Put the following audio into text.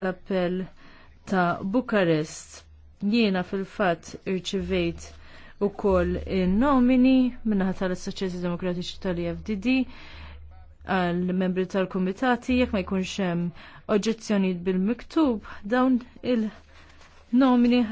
l-appell ta' Bukarest. Jiena fil-fat irċivejt u koll nomini minnaħat tal-Soċjeti Demokratiċi tal-IFDD għal-membri tal-komitati jekk ma jkunx hemm oġġezzjonijiet bil-miktub dawn il-nomini